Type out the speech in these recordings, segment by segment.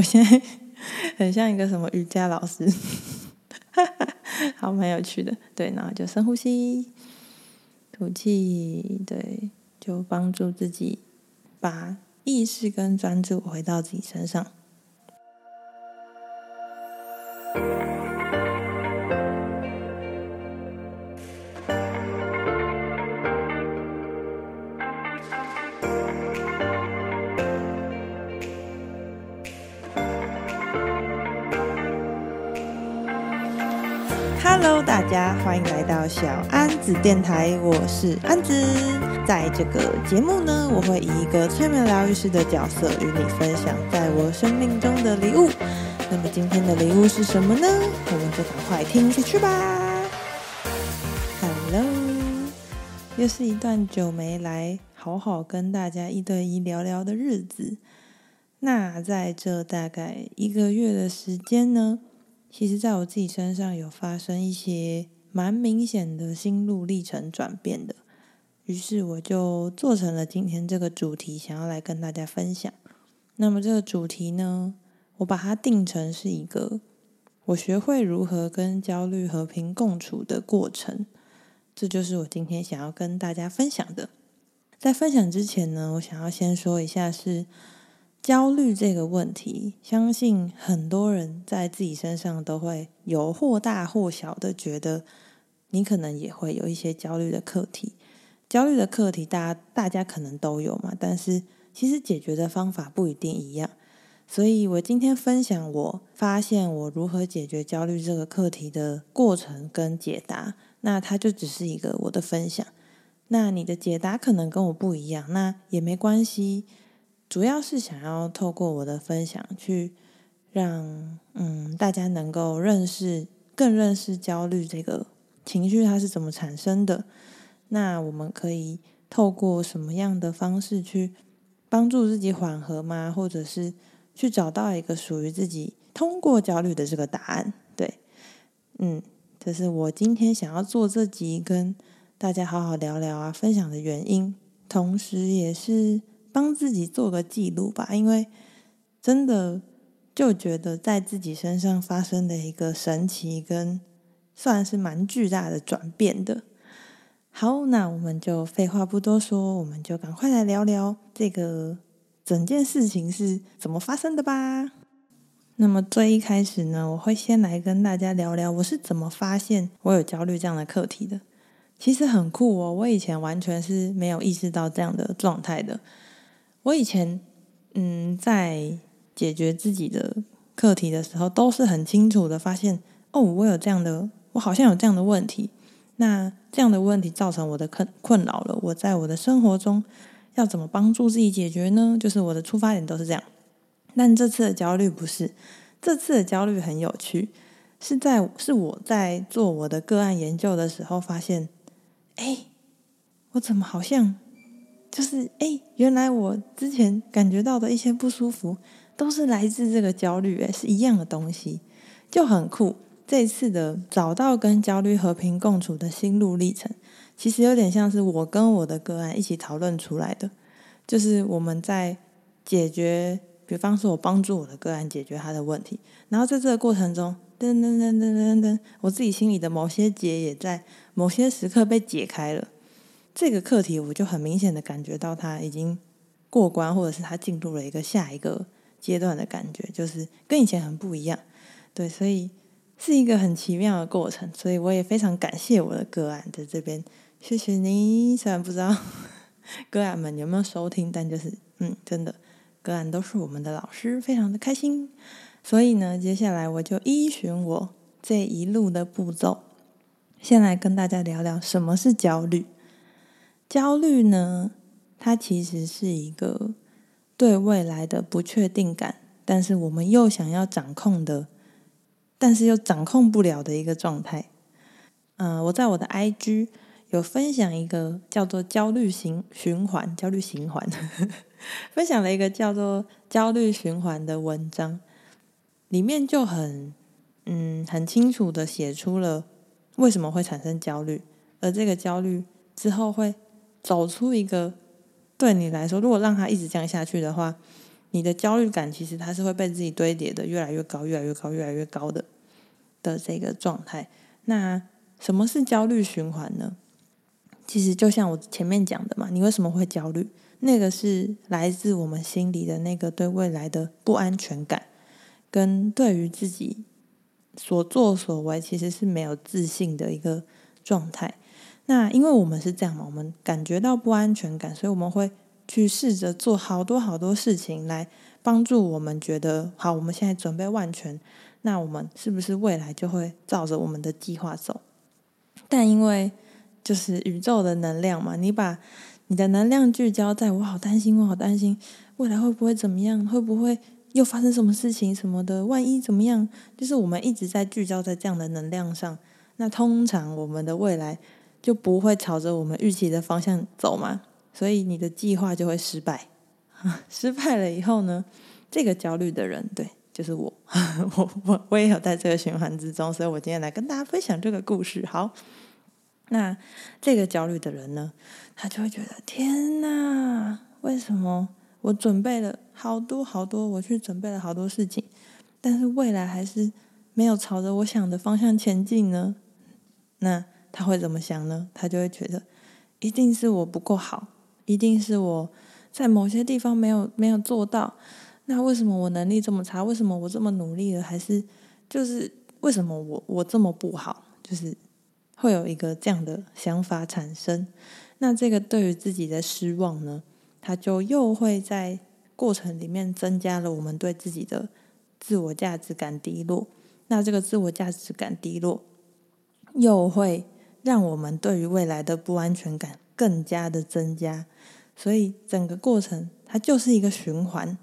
我現在很像一個什麼瑜伽老師，哈哈，好，蠻有趣的。對，然後就深呼吸，吐氣，對，就幫助自己把意識跟專注回到自己身上。歡迎來到小安子電台，我是安子。在這個節目呢，我會以一個催眠療癒師的角色與你分享在我生命中的禮物。那麼今天的禮物是什麼呢？我們就趕快聽下去吧。Hello，又是一段久沒來好好跟大家一對一聊聊的日子。那在這大概一個月的時間呢，其實在我自己身上有發生一些。蠻明顯的心路歷程轉變的，於是我就做成了今天這個主題，想要來跟大家分享。那麼這個主題呢，我把它定成是一個我學會如何跟焦慮和平共處的過程，這就是我今天想要跟大家分享的。在分享之前呢，我想要先說一下是。焦慮這個問題，相信很多人在自己身上都會有或大或小的覺得，你可能也會有一些焦慮的課題。焦慮的課題，大家大家可能都有嘛，但是其實解決的方法不一定一樣。所以我今天分享我發現我如何解決焦慮這個課題的過程跟解答，那它就只是一個我的分享。那你的解答可能跟我不一樣，那也沒關係。主要是想要透過我的分享，去讓嗯大家能夠認識、更認識焦慮這個情緒，它是怎麼產生的。那我們可以透過什麼樣的方式去幫助自己緩和嗎？或者是去找到一個屬於自己通過焦慮的這個答案？對，嗯，這、就是我今天想要做這集跟大家好好聊聊啊、分享的原因，同時也是。幫自己做個記錄吧，因為真的就覺得在自己身上發生的一個神奇跟算是蠻巨大的轉變的。好，那我們就廢話不多說，我們就趕快來聊聊這個整件事情是怎麼發生的吧。那麼最一開始呢，我會先來跟大家聊聊我是怎麼發現我有焦慮這樣的課題的。其實很酷哦，我以前完全是沒有意識到這樣的狀態的。我以前，嗯，在解決自己的課題的時候，都是很清楚的發現，哦，我有這樣的，我好像有這樣的問題。那這樣的問題造成我的困困擾了。我在我的生活中要怎麼幫助自己解決呢？就是我的出發點都是這樣。但這次的焦慮不是，這次的焦慮很有趣，是在，是我在做我的個案研究的時候發現，哎，我怎麼好像。就是，哎，原來我之前感覺到的一些不舒服，都是來自這個焦慮，哎，是一樣的東西，就很酷。這次的找到跟焦慮和平共處的心路歷程，其實有點像是我跟我的個案一起討論出來的。就是我們在解決，比方說我幫助我的個案解決他的問題，然後在這個過程中，噔噔噔噔噔噔，我自己心裡的某些結也在某些時刻被解開了。這個課題，我就很明顯的感覺到他已經過關，或者是他進入了一個下一個階段的感覺，就是跟以前很不一樣。對，所以是一個很奇妙的過程。所以我也非常感謝我的個案，在這邊謝謝你。雖然不知道個案們有沒有收聽，但就是嗯，真的，個案都是我們的老師，非常的開心。所以呢，接下來我就依循我這一路的步驟，先來跟大家聊聊什麼是焦慮。焦慮呢，它其實是一個對未來的不確定感，但是我們又想要掌控的，但是又掌控不了的一個狀態。嗯、呃，我在我的 IG 有分享一個叫做“焦慮型循環”焦慮循環， 分享了一個叫做“焦慮循環”的文章，裡面就很嗯很清楚地寫出了為什麼會產生焦慮，而這個焦慮之後會。走出一個對你來說，如果讓他一直這樣下去的話，你的焦慮感其實它是會被自己堆疊的，越來越高，越來越高，越來越高的的這個狀態。那什麼是焦慮循環呢？其實就像我前面講的嘛，你為什麼會焦慮？那個是來自我們心裡的那個對未來的不安全感，跟對於自己所作所為其實是沒有自信的一個狀態。那因為我們是這樣嘛，我們感覺到不安全感，所以我們會去試着做好多好多事情來幫助我們覺得好，我們現在準備萬全。那我們是不是未來就會照着我們的計劃走？但因為就是宇宙的能量嘛，你把你的能量聚焦在“我好擔心，我好擔心未來會不會怎麼樣，會不會又發生什麼事情什麼的，萬一怎麼樣”，就是我們一直在聚焦在這樣的能量上。那通常我們的未來。就不會朝着我們預期的方向走嘛，所以你的計劃就會失敗。失敗了以後呢，這個焦慮的人，對，就是我，我我我也有在這個循環之中，所以我今天來跟大家分享這個故事。好，那這個焦慮的人呢，他就會覺得：天哪，為什麼我準備了好多好多，我去準備了好多事情，但是未來還是沒有朝着我想的方向前進呢？那。他會怎麼想呢？他就會覺得，一定是我不夠好，一定是我在某些地方沒有沒有做到。那為什麼我能力這麼差？為什麼我這麼努力了，還是就是為什麼我我這麼不好？就是會有一個這樣的想法產生。那這個對於自己的失望呢，他就又會在過程裡面增加了我們對自己的自我價值感低落。那這個自我價值感低落又會。讓我們對於未來的不安全感更加的增加，所以整個過程它就是一個循環。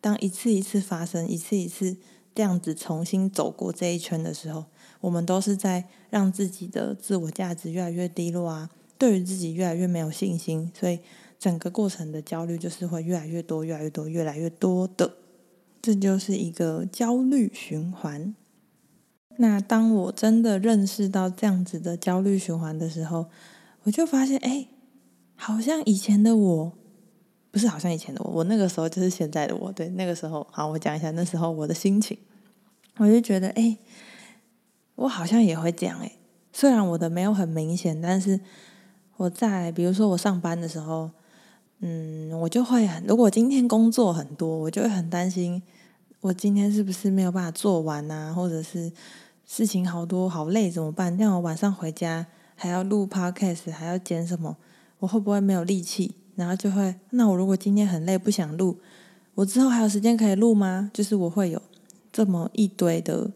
當一次一次發生，一次一次這樣子重新走過這一圈的時候，我們都是在讓自己的自我價值越來越低落啊，對於自己越來越沒有信心。所以整個過程的焦慮就是會越來越多、越來越多、越來越多的，這就是一個焦慮循環。那當我真的認識到這樣子的焦慮循環的時候，我就發現，哎、欸，好像以前的我，不是好像以前的我，我那個時候就是現在的我。對，那個時候，好，我講一下那時候我的心情。我就覺得，哎、欸，我好像也會講，哎，雖然我的沒有很明顯，但是我在比如說我上班的時候，嗯，我就會很，如果今天工作很多，我就會很擔心，我今天是不是沒有辦法做完啊，或者是。事情好多，好累，怎麼辦？像我晚上回家還要錄 podcast，還要剪什麼？我會不會沒有力氣？然後就會……那我如果今天很累，不想錄，我之後還有時間可以錄嗎？就是我會有這麼一堆的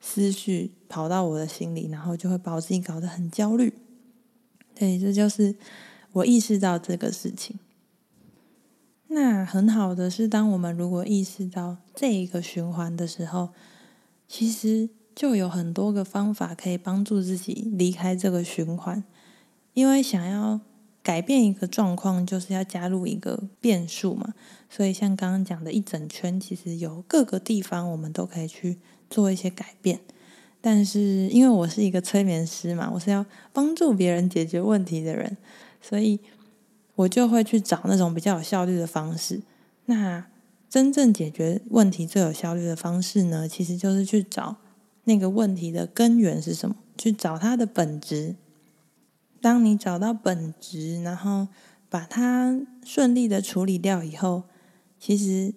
思緒跑到我的心裡，然後就會把我自己搞得很焦慮。對，這就是我意識到這個事情。那很好的是，當我們如果意識到這一個循環的時候，其實。就有很多個方法可以幫助自己離開這個循環，因為想要改變一個狀況，就是要加入一個變數嘛。所以像剛剛講的一整圈，其實有各個地方我們都可以去做一些改變。但是因為我是一個催眠師嘛，我是要幫助別人解決問題的人，所以我就會去找那種比較有效率的方式。那真正解決問題最有效率的方式呢，其實就是去找。那個問題的根源是什麼？去找它的本質。當你找到本質，然後把它順利的處理掉以後，其實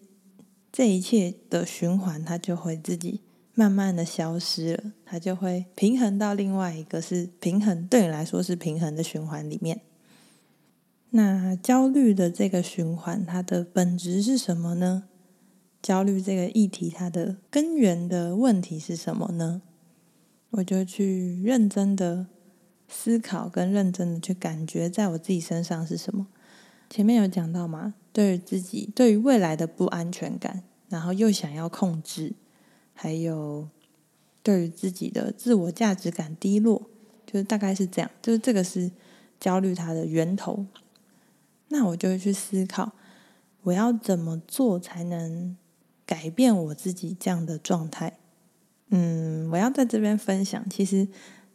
這一切的循環它就會自己慢慢的消失了，它就會平衡到另外一個是平衡，對你來說是平衡的循環裡面。那焦慮的這個循環它的本質是什麼呢？焦慮這個議題，它的根源的問題是什麼呢？我就去認真的思考，跟認真的去感覺，在我自己身上是什麼。前面有講到嘛，對於自己對於未來的不安全感，然後又想要控制，還有對於自己的自我價值感低落，就是大概是這樣，就是這個是焦慮它的源頭。那我就去思考，我要怎麼做才能？改變我自己這樣的狀態，嗯，我要在這邊分享，其實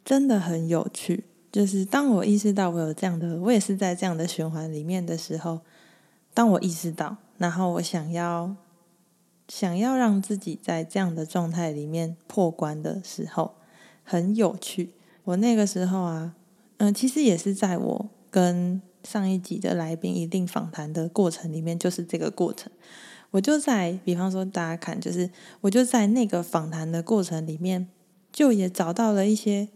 真的很有趣。就是當我意識到我有這樣的，我也是在這樣的循環裡面的時候，當我意識到，然後我想要想要讓自己在這樣的狀態裡面破關的時候，很有趣。我那個時候啊，嗯，其實也是在我跟上一集的來賓一定訪談的過程裡面，就是這個過程。我就在，比方說，大家看，就是我就在那個訪談的過程裡面，就也找到了一些，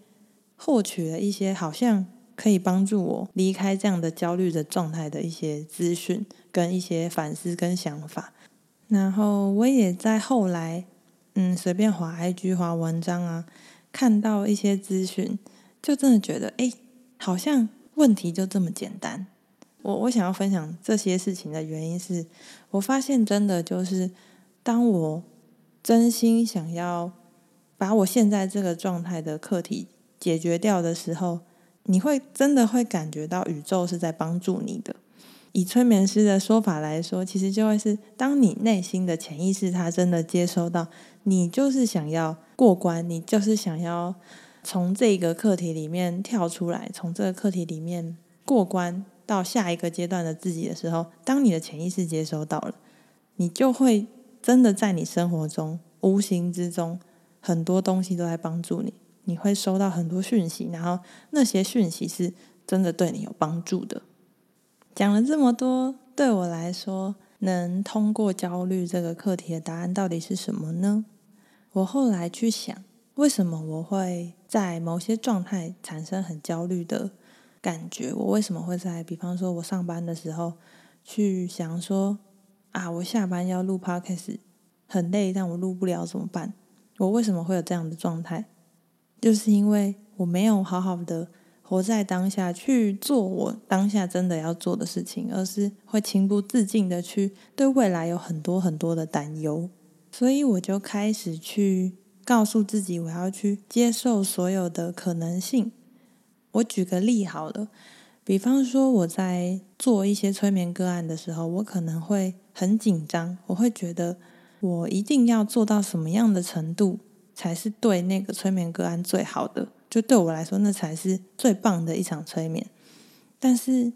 獲取了一些好像可以幫助我離開這樣的焦慮的狀態的一些資訊，跟一些反思跟想法。然後我也在後來，嗯，隨便划 IG 划文章啊，看到一些資訊，就真的覺得，誒，好像問題就這麼簡單。我我想要分享這些事情的原因是，我發現真的就是，當我真心想要把我現在這個狀態的課題解決掉的時候，你會真的會感覺到宇宙是在幫助你的。以催眠師的說法來說，其實就會是，當你內心的潛意識它真的接收到，你就是想要過關，你就是想要從這個課題裡面跳出來，從這個課題裡面過關。到下一個階段的自己的時候，當你的潛意識接收到了，你就會真的在你生活中無形之中，很多東西都在幫助你。你會收到很多訊息，然後那些訊息是真的對你有幫助的。講了這麼多，對我來說，能通過焦慮這個課題的答案到底是什麼呢？我後來去想，為什麼我會在某些狀態產生很焦慮的？感覺我為什麼會在，比方說我上班的時候去想說啊，我下班要錄 Podcast，很累，但我錄不了怎麼辦？我為什麼會有這樣的狀態？就是因為我沒有好好的活在當下去做我當下真的要做的事情，而是會情不自禁的去對未來有很多很多的擔憂，所以我就開始去告訴自己，我要去接受所有的可能性。我舉個例好了，比方說我在做一些催眠個案的時候，我可能會很緊張，我會覺得我一定要做到什麼樣的程度才是對那個催眠個案最好的。就對我來說，那才是最棒的一場催眠。但是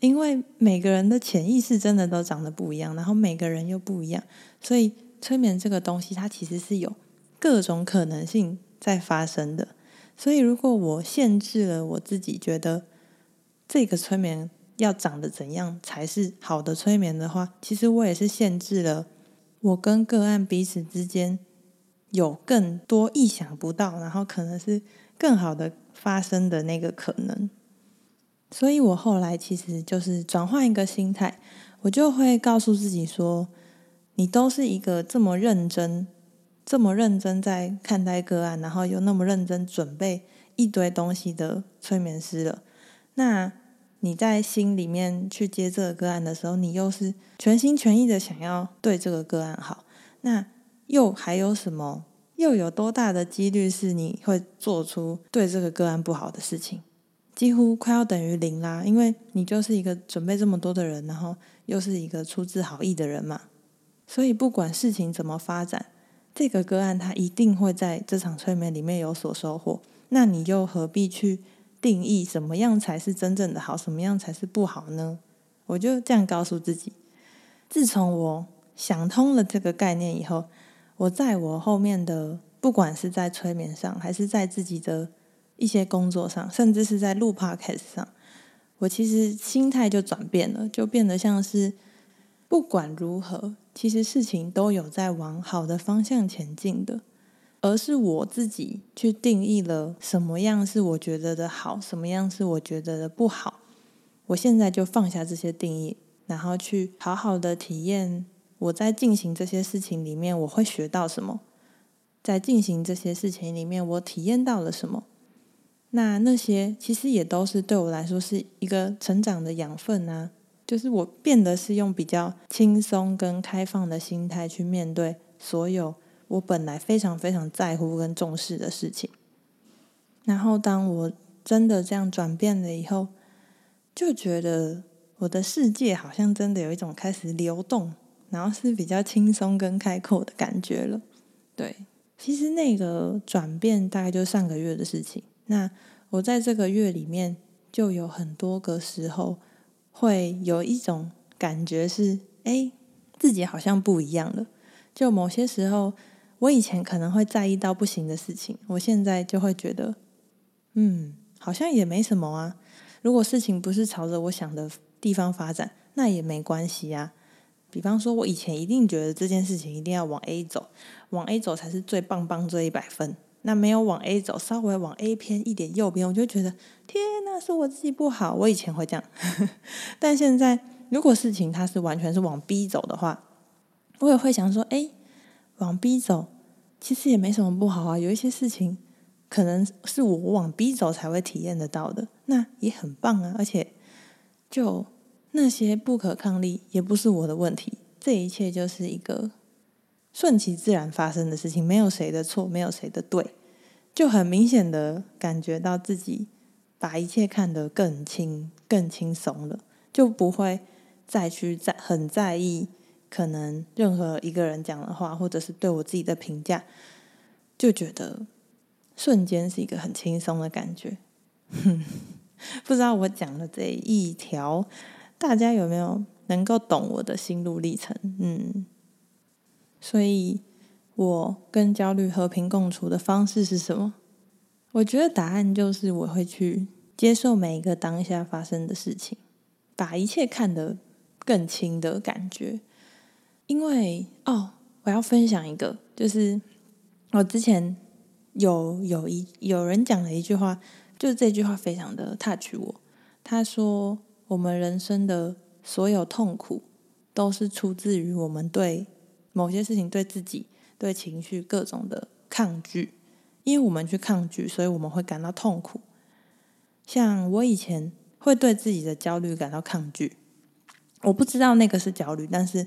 因為每個人的潛意識真的都長得不一樣，然後每個人又不一樣，所以催眠這個東西，它其實是有各種可能性在發生的。所以，如果我限制了我自己，覺得這個催眠要長得怎樣才是好的催眠的話，其實我也是限制了我跟個案彼此之間有更多意想不到，然後可能是更好的發生的那個可能。所以我後來其實就是轉換一個心態，我就會告訴自己說：“你都是一個這麼認真。”這麼認真在看待個案，然後又那麼認真準備一堆東西的催眠師了。那你在心裡面去接這個個案的時候，你又是全心全意的想要對這個個案好。那又還有什麼？又有多大的幾率是你會做出對這個個案不好的事情？幾乎快要等於零啦，因為你就是一個準備這麼多的人，然後又是一個出自好意的人嘛。所以不管事情怎麼發展。這個個案，它一定會在這場催眠裡面有所收穫。那你又何必去定義什麼樣才是真正的好，什麼樣才是不好呢？我就這樣告訴自己。自從我想通了這個概念以後，我在我後面的，不管是在催眠上，還是在自己的一些工作上，甚至是在錄 Podcast 上，我其實心態就轉變了，就變得像是不管如何。其實事情都有在往好的方向前進的，而是我自己去定義了什麼樣是我覺得的好，什麼樣是我覺得的不好。我現在就放下這些定義，然後去好好的體驗我在進行這些事情裡面我會學到什麼，在進行這些事情裡面我體驗到了什麼。那那些其實也都是對我來說是一個成長的養分啊。就是我變得是用比較輕鬆跟開放的心態去面對所有我本來非常非常在乎跟重視的事情，然後當我真的這樣轉變了以後，就覺得我的世界好像真的有一種開始流動，然後是比較輕鬆跟開闊的感覺了。對，其實那個轉變大概就上個月的事情。那我在這個月裡面就有很多個時候。會有一種感覺是，哎，自己好像不一樣了。就某些時候，我以前可能會在意到不行的事情，我現在就會覺得，嗯，好像也沒什麼啊。如果事情不是朝着我想的地方發展，那也沒關係啊。比方說，我以前一定覺得這件事情一定要往 A 走，往 A 走才是最棒棒最一百分。那沒有往 A 走，稍微往 A 偏一點右邊，我就覺得，天。那是我自己不好，我以前會這樣， 但現在如果事情它是完全是往 B 走的話，我也會想說：哎，往 B 走其實也沒什麼不好啊。有一些事情可能是我往 B 走才會體驗得到的，那也很棒啊。而且，就那些不可抗力也不是我的問題，這一切就是一個順其自然發生的事情，沒有誰的錯，沒有誰的對，就很明顯的感覺到自己。把一切看得更輕、更輕鬆了，就不會再去在很在意可能任何一個人講的話，或者是對我自己的評價，就覺得瞬間是一個很輕鬆的感覺。 不知道我講的這一條，大家有沒有能夠懂我的心路歷程？嗯，所以我跟焦慮和平共處的方式是什麼？我覺得答案就是我會去接受每一個當下發生的事情，把一切看得更輕的感覺。因為哦，我要分享一個，就是我之前有有一有人講了一句話，就是這句話非常的 touch 我。他說，我們人生的所有痛苦，都是出自於我們對某些事情、對自己、對情緒各種的抗拒。因為我們去抗拒，所以我們會感到痛苦。像我以前會對自己的焦慮感到抗拒，我不知道那個是焦慮，但是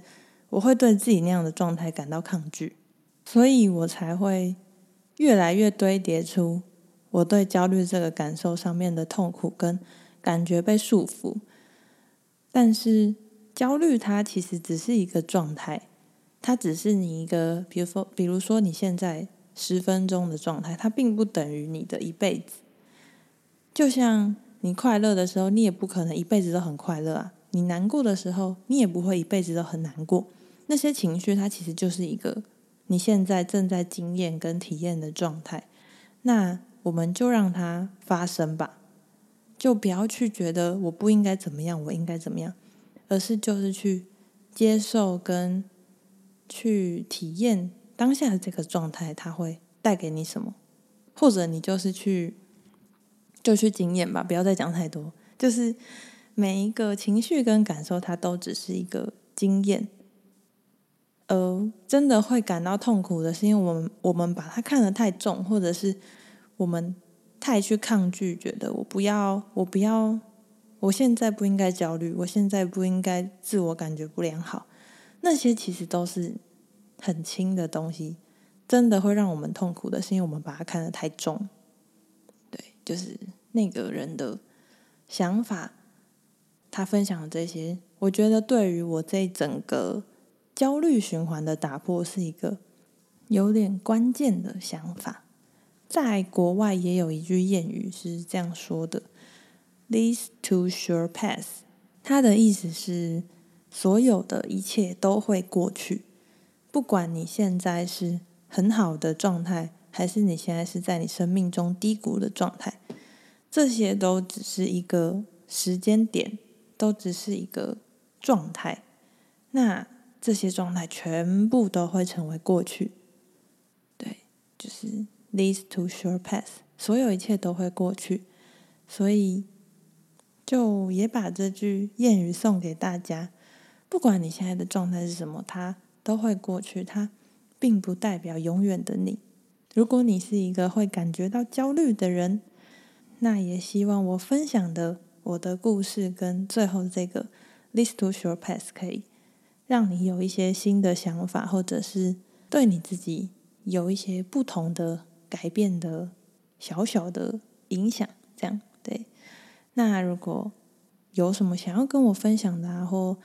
我會對自己那樣的狀態感到抗拒，所以我才會越來越堆疊出我對焦慮這個感受上面的痛苦跟感覺被束縛。但是焦慮它其實只是一個狀態，它只是你一個，比如說，比如說你現在十分鐘的狀態，它並不等於你的一輩子。就像你快樂的時候，你也不可能一輩子都很快樂啊；你難過的時候，你也不會一輩子都很難過。那些情緒，它其實就是一個你現在正在經驗跟體驗的狀態。那我們就讓它發生吧，就不要去覺得我不應該怎麼樣，我應該怎麼樣，而是就是去接受跟去體驗。當下的這個狀態，它會帶給你什麼？或者你就是去就去經驗吧，不要再講太多。就是每一個情緒跟感受，它都只是一個經驗。呃，真的會感到痛苦的是，因為我們我們把它看得太重，或者是我們太去抗拒，覺得我不要我不要，我現在不應該焦慮，我現在不應該自我感覺不良好，那些其實都是。很輕的東西，真的會讓我們痛苦的，是因為我們把它看得太重。對，就是那個人的想法，他分享的這些，我覺得對於我這整個焦慮循環的打破，是一個有點關鍵的想法。在國外也有一句諺語是這樣說的：“This too shall pass。”他的意思是，所有的一切都會過去。不管你現在是很好的狀態，還是你現在是在你生命中低谷的狀態，這些都只是一個時間點，都只是一個狀態。那這些狀態全部都會成為過去。對，就是 "This too shall pass."，所有一切都會過去。所以，就也把這句諺語送給大家，不管你現在的狀態是什麼，它都會過去，它並不代表永遠的你。如果你是一個會感覺到焦慮的人，那也希望我分享的我的故事跟最後這個 "This too shall pass" 可以讓你有一些新的想法，或者是對你自己有一些不同的改變的小小的影響。這樣對。那如果有什麼想要跟我分享的、啊，或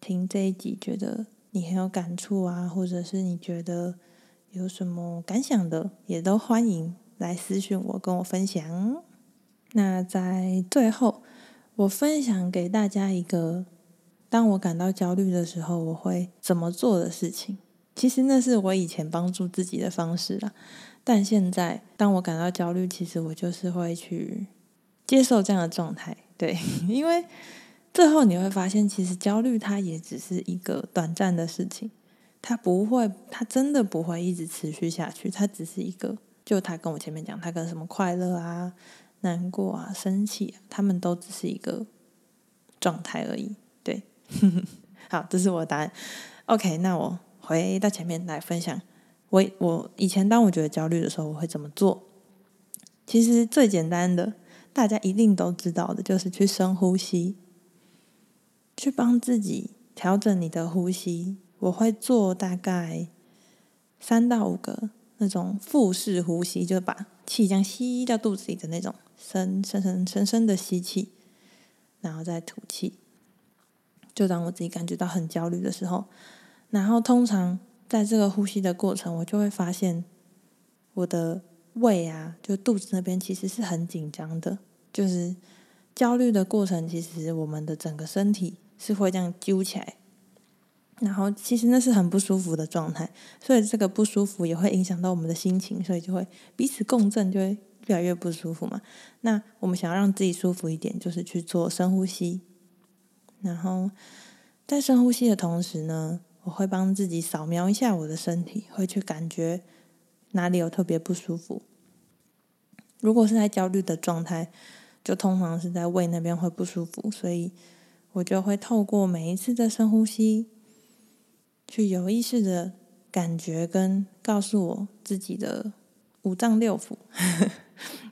聽這一集覺得，你很有感觸啊，或者是你覺得有什麼感想的，也都歡迎來私訊我，跟我分享。那在最後，我分享給大家一個，當我感到焦慮的時候，我會怎麼做的事情。其實那是我以前幫助自己的方式啦，但現在當我感到焦慮，其實我就是會去接受這樣的狀態，對，因為。最後你會發現，其實焦慮它也只是一個短暫的事情，它不會，它真的不會一直持續下去。它只是一個，就他跟我前面講，他跟什麼快樂啊、難過啊、生氣啊，他們都只是一個狀態而已。對， 好，這是我的答案。OK，那我回到前面來分享，我我以前當我覺得焦慮的時候，我會怎麼做？其實最簡單的，大家一定都知道的，就是去深呼吸。去幫自己調整你的呼吸，我會做大概三到五個那種腹式呼吸，就把氣這樣吸到肚子裡的那種，深深深深深的吸氣，然後再吐氣。就當我自己感覺到很焦慮的時候，然後通常在這個呼吸的過程，我就會發現我的胃啊，就肚子那邊其實是很緊張的。就是焦慮的過程，其實我們的整個身體，是會這樣揪起來，然後其實那是很不舒服的狀態，所以這個不舒服也會影響到我們的心情，所以就會彼此共振，就會越來越不舒服嘛。那我們想要讓自己舒服一點，就是去做深呼吸，然後在深呼吸的同時呢，我會幫自己掃描一下我的身體，會去感覺哪裡有特別不舒服。如果是在焦慮的狀態，就通常是在胃那邊會不舒服，所以。我就會透過每一次的深呼吸，去有意識的感覺跟告訴我自己的五臟六腑，呵呵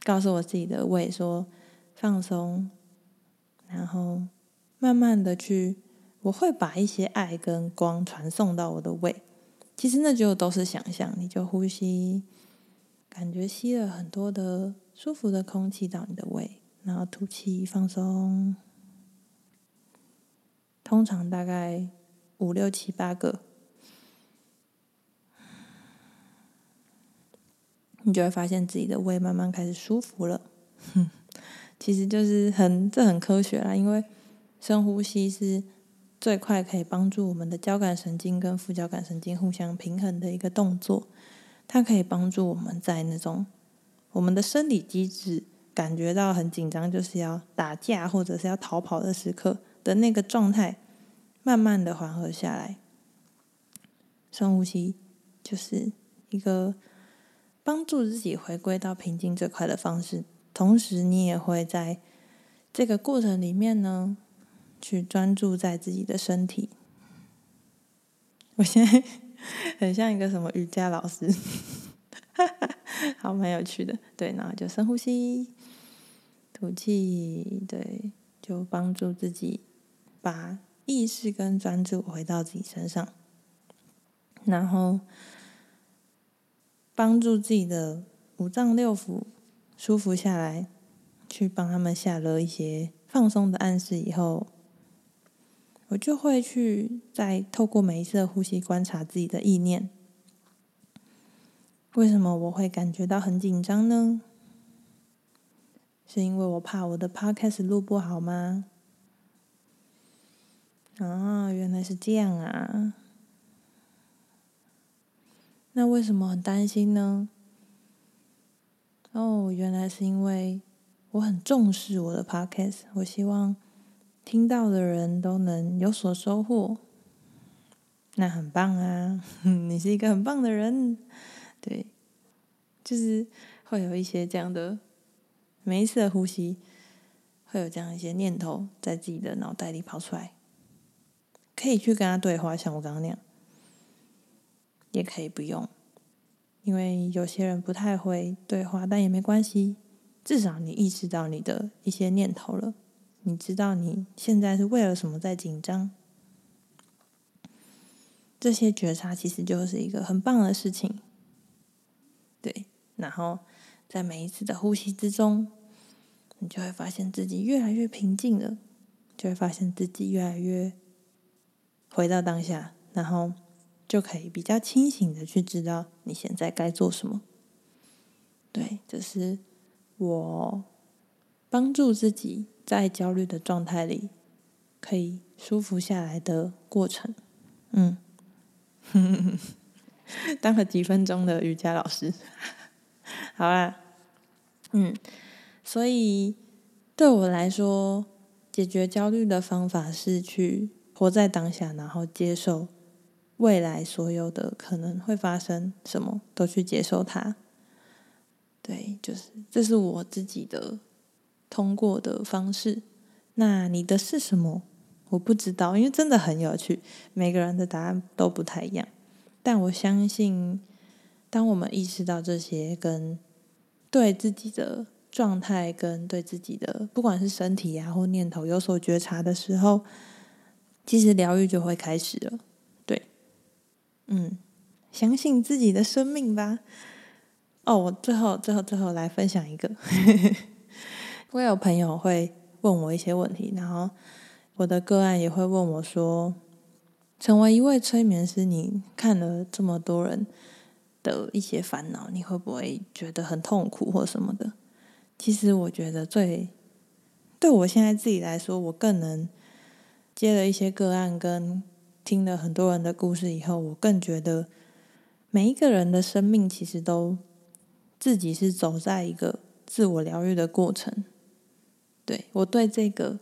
告訴我自己的胃說放鬆，然後慢慢的去，我會把一些愛跟光傳送到我的胃。其實那就都是想象，你就呼吸，感覺吸了很多的舒服的空氣到你的胃，然後吐氣放鬆。通常大概五六七八個，你就會發現自己的胃慢慢開始舒服了。哼，其實就是很，這很科學啦，因為深呼吸是最快可以幫助我們的交感神經跟副交感神經互相平衡的一個動作，它可以幫助我們在那種我們的生理機制感覺到很緊張，就是要打架或者是要逃跑的時刻，的那個狀態，慢慢的緩和下來。深呼吸就是一個幫助自己回歸到平靜這塊的方式。同時，你也會在這個過程裡面呢，去專注在自己的身體。我現在很像一個什麼瑜伽老師，哈 哈，好蠻有趣的。對，然後就深呼吸，吐氣，對，就幫助自己。把意識跟專注回到自己身上，然後幫助自己的五臟六腑舒服下來，去幫他們下了一些放鬆的暗示以後，我就會去再透過每一次的呼吸觀察自己的意念。為什麼我會感覺到很緊張呢？是因為我怕我的 Podcast 錄不好嗎？啊、哦，原來是這樣啊！那為什麼很擔心呢？哦，原來是因為我很重視我的 podcast，我希望聽到的人都能有所收穫。那很棒啊，你是一個很棒的人，對，就是會有一些這樣的每一次的呼吸，會有這樣一些念頭在自己的腦袋裡跑出來。可以去跟他對話，像我剛剛那樣，也可以不用，因為有些人不太會對話，但也沒關係。至少你意識到你的一些念頭了，你知道你現在是為了什麼在緊張。這些覺察其實就是一個很棒的事情，對。然後在每一次的呼吸之中，你就會發現自己越來越平靜了，就會發現自己越來越。回到當下，然後就可以比較清醒的去知道你現在該做什麼。對，這、就是我幫助自己在焦慮的狀態裡可以舒服下來的過程。嗯，哼哼哼當了幾分鐘的瑜伽老師， 好啦、啊。嗯，所以對我來說，解決焦慮的方法是去。活在當下，然後接受未來所有的可能會發生什麼，都去接受它。對，就是這是我自己的通過的方式。那你的是什麼？我不知道，因為真的很有趣，每個人的答案都不太一樣。但我相信，當我們意識到這些，跟對自己的狀態，跟對自己的不管是身體呀、啊、或念頭有所覺察的時候。其實療癒就會開始了，對，嗯，相信自己的生命吧。哦，我最後、最後、最後來分享一個， 我有朋友會問我一些問題，然後我的個案也會問我說，成為一位催眠師，你看了這麼多人的一些煩惱，你會不會覺得很痛苦或什麼的？其實我覺得最，對我現在自己來說，我更能。接了一些個案，跟聽了很多人的故事以後，我更覺得每一個人的生命其實都自己是走在一個自我療癒的過程。對，我對這個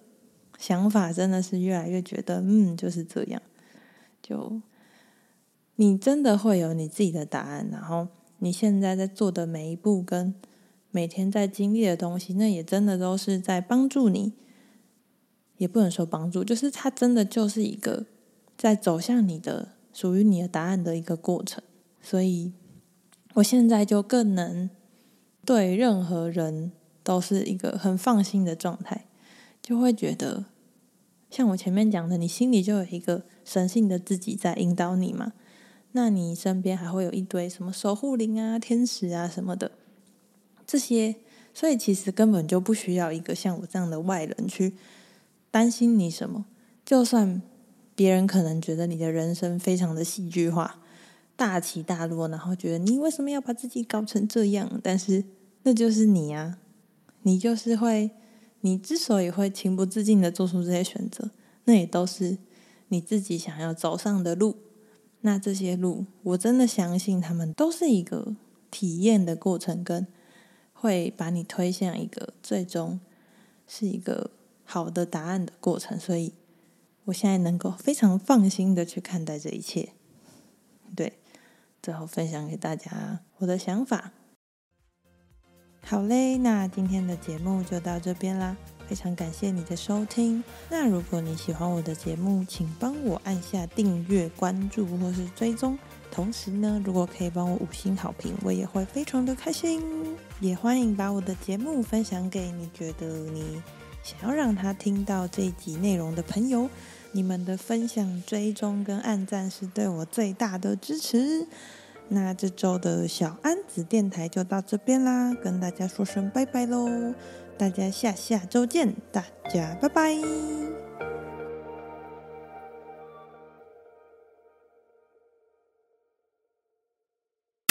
想法真的是越來越覺得，嗯，就是這樣。就你真的會有你自己的答案，然後你現在在做的每一步，跟每天在經歷的東西，那也真的都是在幫助你。也不能說幫助，就是它真的就是一個在走向你的屬於你的答案的一個過程。所以，我現在就更能對任何人都是一個很放心的狀態，就會覺得像我前面講的，你心裡就有一個神性的自己在引導你嘛。那你身邊還會有一堆什麼守護靈啊、天使啊什麼的這些，所以其實根本就不需要一個像我這樣的外人去。擔心你什麼？就算別人可能覺得你的人生非常的戲劇化，大起大落，然後覺得你為什麼要把自己搞成這樣？但是那就是你啊，你就是會，你之所以會情不自禁地做出這些選擇，那也都是你自己想要走上的路。那這些路，我真的相信，他們都是一個體驗的過程，跟會把你推向一個最終是一個。好的答案的過程，所以我現在能夠非常放心的去看待這一切。對，最後分享給大家我的想法。好嘞，那今天的節目就到這邊啦，非常感謝你的收聽。那如果你喜歡我的節目，請幫我按下訂閱、關注或是追蹤。同時呢，如果可以幫我五星好評，我也會非常的開心。也歡迎把我的節目分享給你覺得你。想要讓他聽到這一集內容的朋友，你們的分享、追蹤跟按讚是對我最大的支持。那這周的小安子電台就到這邊啦，跟大家說聲拜拜嘍！大家下下周見，大家拜拜。